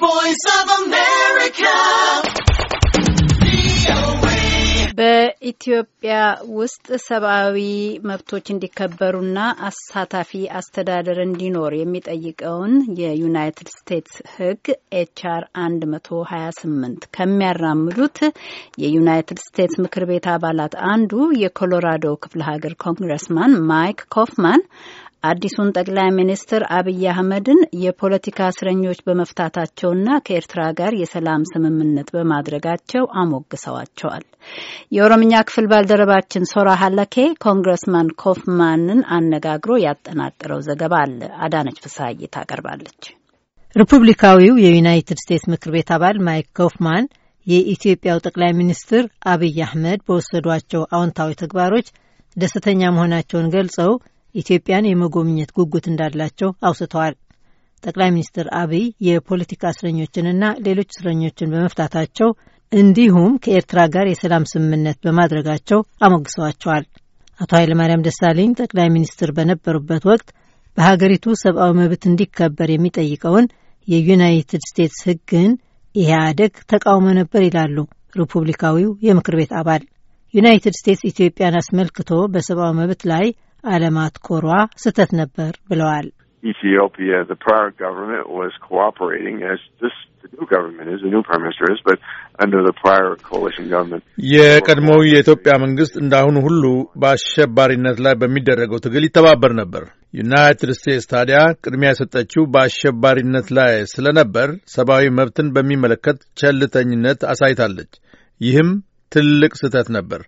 ቮይስ ኦፍ አሜሪካ በኢትዮጵያ ውስጥ ሰብአዊ መብቶች እንዲከበሩና አሳታፊ አስተዳደር እንዲኖር የሚጠይቀውን የዩናይትድ ስቴትስ ሕግ ኤችአር 128 ከሚያራምዱት የዩናይትድ ስቴትስ ምክር ቤት አባላት አንዱ የኮሎራዶ ክፍለ ሀገር ኮንግረስማን ማይክ ኮፍማን አዲሱን ጠቅላይ ሚኒስትር አብይ አህመድን የፖለቲካ እስረኞች በመፍታታቸውና ከኤርትራ ጋር የሰላም ስምምነት በማድረጋቸው አሞግሰዋቸዋል። የኦሮምኛ ክፍል ባልደረባችን ሶራ ሀለኬ ኮንግረስማን ኮፍማንን አነጋግሮ ያጠናቀረው ዘገባ አለ። አዳነች ፍሳይ ታቀርባለች። ሪፑብሊካዊው የዩናይትድ ስቴትስ ምክር ቤት አባል ማይክ ኮፍማን የኢትዮጵያው ጠቅላይ ሚኒስትር አብይ አህመድ በወሰዷቸው አዎንታዊ ተግባሮች ደስተኛ መሆናቸውን ገልጸው ኢትዮጵያን የመጎብኘት ጉጉት እንዳላቸው አውስተዋል። ጠቅላይ ሚኒስትር አብይ የፖለቲካ እስረኞችንና ሌሎች እስረኞችን በመፍታታቸው እንዲሁም ከኤርትራ ጋር የሰላም ስምምነት በማድረጋቸው አሞግሰዋቸዋል። አቶ ኃይለማርያም ደሳለኝ ጠቅላይ ሚኒስትር በነበሩበት ወቅት በሀገሪቱ ሰብአዊ መብት እንዲከበር የሚጠይቀውን የዩናይትድ ስቴትስ ሕግን ኢህአደግ ተቃውሞ ነበር ይላሉ ሪፑብሊካዊው የምክር ቤት አባል። ዩናይትድ ስቴትስ ኢትዮጵያን አስመልክቶ በሰብአዊ መብት ላይ አለማትኮሯ ስህተት ነበር ብለዋል። የቀድሞው የኢትዮጵያ መንግስት እንዳሁኑ ሁሉ በአሸባሪነት ላይ በሚደረገው ትግል ይተባበር ነበር። ዩናይትድ ስቴትስ ታዲያ ቅድሚያ የሰጠችው በአሸባሪነት ላይ ስለነበር ሰብአዊ መብትን በሚመለከት ቸልተኝነት አሳይታለች። ይህም ትልቅ ስህተት ነበር።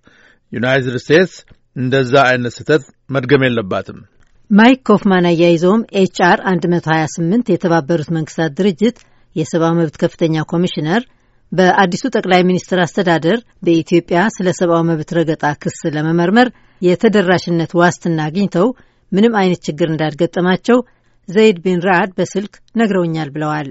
ዩናይትድ ስቴትስ እንደዛ አይነት ስህተት መድገም የለባትም። ማይክ ኮፍማን አያይዘውም ኤችአር 128 የተባበሩት መንግስታት ድርጅት የሰብአዊ መብት ከፍተኛ ኮሚሽነር በአዲሱ ጠቅላይ ሚኒስትር አስተዳደር በኢትዮጵያ ስለ ሰብአዊ መብት ረገጣ ክስ ለመመርመር የተደራሽነት ዋስትና አግኝተው ምንም አይነት ችግር እንዳልገጠማቸው ዘይድ ቢን ራአድ በስልክ ነግረውኛል ብለዋል።